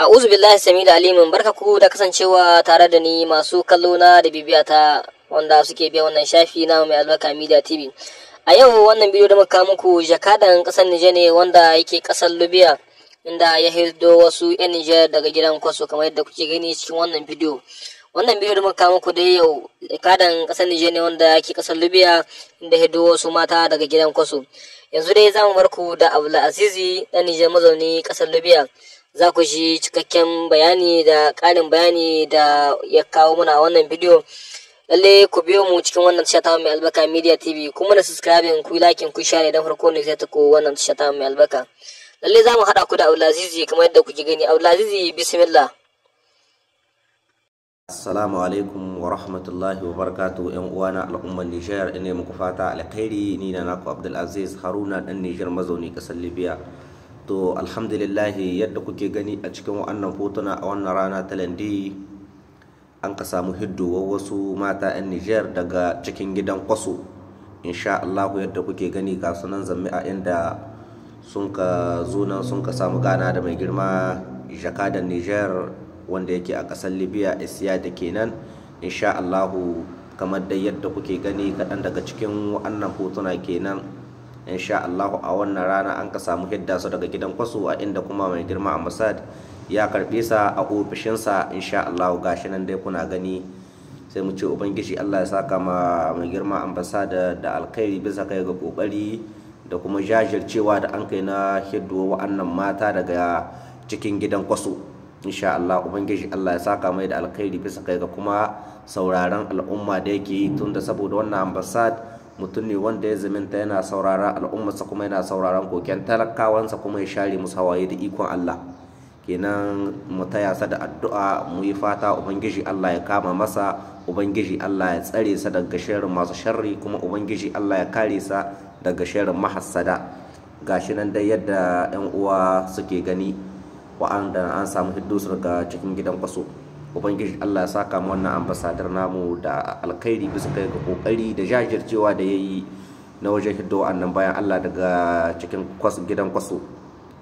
a sami da alimin barka ku da kasancewa tare da ni masu kallo na da bibiya ta wanda suke biya wannan shafi na mai albarka media tv a yau wannan bidiyo da muka muku jakadan kasar nijar ne wanda yake kasar libya inda ya hirdo wasu yan nijar daga gidan kwaso kamar yadda kuke gani cikin wannan bidiyo wannan bidiyo da muka muku da yau jakadan kasar nijar ne wanda yake kasar libya inda ya hirdo wasu mata daga gidan kwaso yanzu dai za mu barku da abdulaziz dan nijar mazauni kasar libya za ku ji cikakken bayani da ƙarin bayani da ya kawo muna wannan bidiyo lalle ku biyo mu cikin wannan tasha ta mai albaka media tv kuma da subscribing ku lakin ku share idan farko ne zai ta ko wannan tasha ta mai albaka lalle za mu haɗa ku da abdulazizi kamar yadda kuke gani abdulazizi bismillah Assalamu alaikum wa rahmatullahi wa barakatu ‘yan uwana al'ummar Nijar ina muku fata alkhairi ni na naku Abdulaziz Haruna ɗan Nijar mazauni ƙasar Libya. to alhamdulillahi yadda kuke gani a cikin wannan hotuna a wannan rana ta landi an ka samu hiddowar wasu mata 'yan niger daga cikin gidan kwaso insha allahu yadda kuke gani ga sunan zammi a inda sun ka zo nan sun ka samu gana da mai girma jakadan niger wanda yake a ƙasar libya isiya da kenan insha allahu kamar da yadda kuke gani kaɗan daga cikin wannan hotuna kenan insha Allah a wannan rana an ka samu hidda su daga gidan kwaso a inda kuma mai girma a ya karbi sa a ofishinsa insha Allah gashi nan dai kuna gani sai mu ce ubangiji Allah ya saka ma mai girma ambassad da alkhairi bisa kai ga kokari da kuma jajircewa da an kai na hiddo wa'annan mata daga cikin gidan kwaso insha Allah ubangiji Allah ya saka mai da alkhairi bisa kai ga kuma sauraron al'umma da yake tunda saboda wannan ambassad. mutum ne wanda ya zaminta yana saurara al'ummarsa kuma yana sauraron koken talakawansa kuma ya share musu hawaye da ikon Allah kenan mu taya sa da addu'a mu yi fata ubangiji Allah ya kama masa ubangiji Allah ya tsare sa daga sharrin masu sharri kuma ubangiji Allah ya kare sa daga sharrin mahassada gashi nan dai yadda yan uwa suke gani wa'anda an samu hiddusu daga cikin gidan kwaso ubangiji Allah ya saka mu wannan ambasadar namu da alkhairi bisa ga kokari da jajircewa da yayi na wajen hiddo annan bayan Allah daga cikin kwas gidan kwaso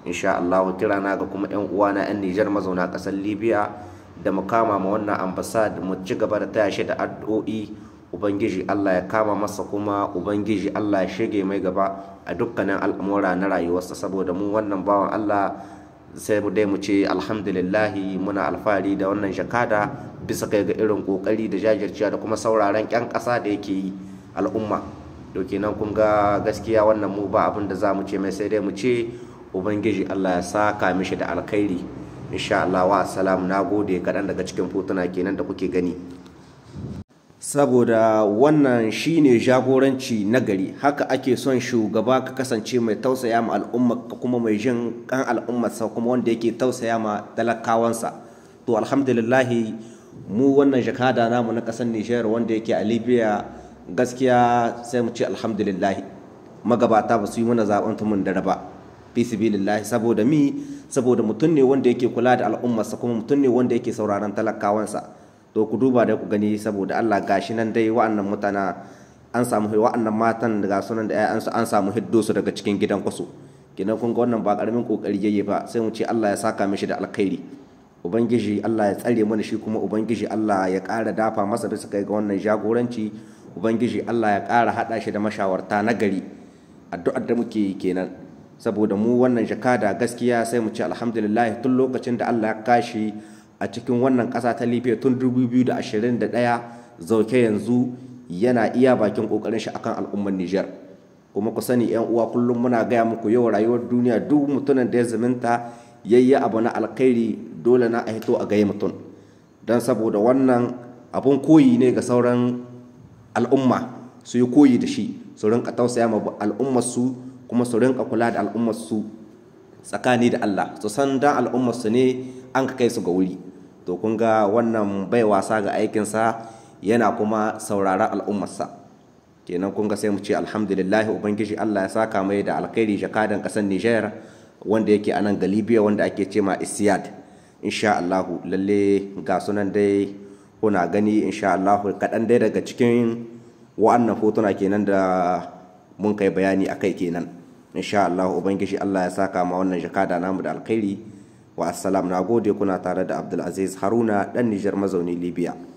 insha Allah kirana ga kuma yan na yan Nijar mazauna kasar Libya da mu kama ma wannan ambasad mu ci gaba da taya shi da addu'o'i ubangiji Allah ya kama masa kuma ubangiji Allah ya shige mai gaba a dukkanin al'amura na rayuwarsa saboda mu wannan bawan Allah sai mu mu ce alhamdulillahi muna alfahari da wannan jakada bisa kai ga irin kokari da jajirciya da kuma sauraron yan ƙasa da yake yi al'umma to kenan kun ga gaskiya wannan mu ba abin da za mu ce mai sai dai mu ce ubangiji Allah ya saka mishi da alkhairi insha Allah wa assalamu nagode kaɗan daga cikin fotuna kenan da kuke gani saboda wannan shine jagoranci nagari haka ake son shugaba ka kasance mai tausaya ma al'umma kuma mai jin kan al'umma sa kuma wanda yake tausaya ma talakawansa to alhamdulillahi mu wannan jakada namu na kasar Nijar wanda yake a Libya gaskiya sai mu ce alhamdulillahi magabata ba su yi mana zaben tumun dare ba bisibilillah saboda mi saboda mutum ne wanda yake kula da al'ummarsa kuma mutum ne wanda yake sauraron talakawansa to ku duba da ku gani saboda Allah gashi nan dai wa'annan mutana an samu wa'annan matan da sunan da an samu hiddo su daga cikin gidan kwaso kenan kun ga wannan ba karamin kokari yayi ba sai mu ce Allah ya saka mishi da alkhairi ubangiji Allah ya tsare mana shi kuma ubangiji Allah ya kara dafa masa bisa kai ga wannan jagoranci ubangiji Allah ya kara haɗa shi da mashawarta na gari addu'ar da muke yi kenan saboda mu wannan jakada gaskiya sai mu ce alhamdulillah tun lokacin da Allah ya kashi a cikin wannan ƙasa ta libya tun 2021 zauke yanzu yana iya bakin ƙoƙarin shi akan al'ummar niger kuma ku sani yan uwa kullum muna gaya muku yau rayuwar duniya duk mutumin da ya zumunta yayi abu na alkhairi dole na a hito a gaya mutum don saboda wannan abun koyi ne ga sauran al'umma su yi koyi da shi su rinka tausaya ma al'ummarsu kuma su rinka kula da al'ummarsu tsakani da Allah su san dan al'ummarsu ne an ka kai su ga wuri to kun ga wannan bai wasa ga aikinsa yana kuma saurara al'ummarsa kenan kun ga sai mu ce alhamdulillah ubangiji Allah ya saka mai da alkhairi jakadan kasar Niger wanda yake anan ga libiya wanda ake ce ma isiyad insha Allah lalle ga sunan dai kuna gani insha Allah kadan dai daga cikin wa'annan hotuna kenan da mun kai bayani akai kenan insha Allah ubangiji Allah ya saka ma wannan jakada namu da alkhairi wa assalam na gode kuna tare da abdulaziz haruna dan nijar mazaunin libya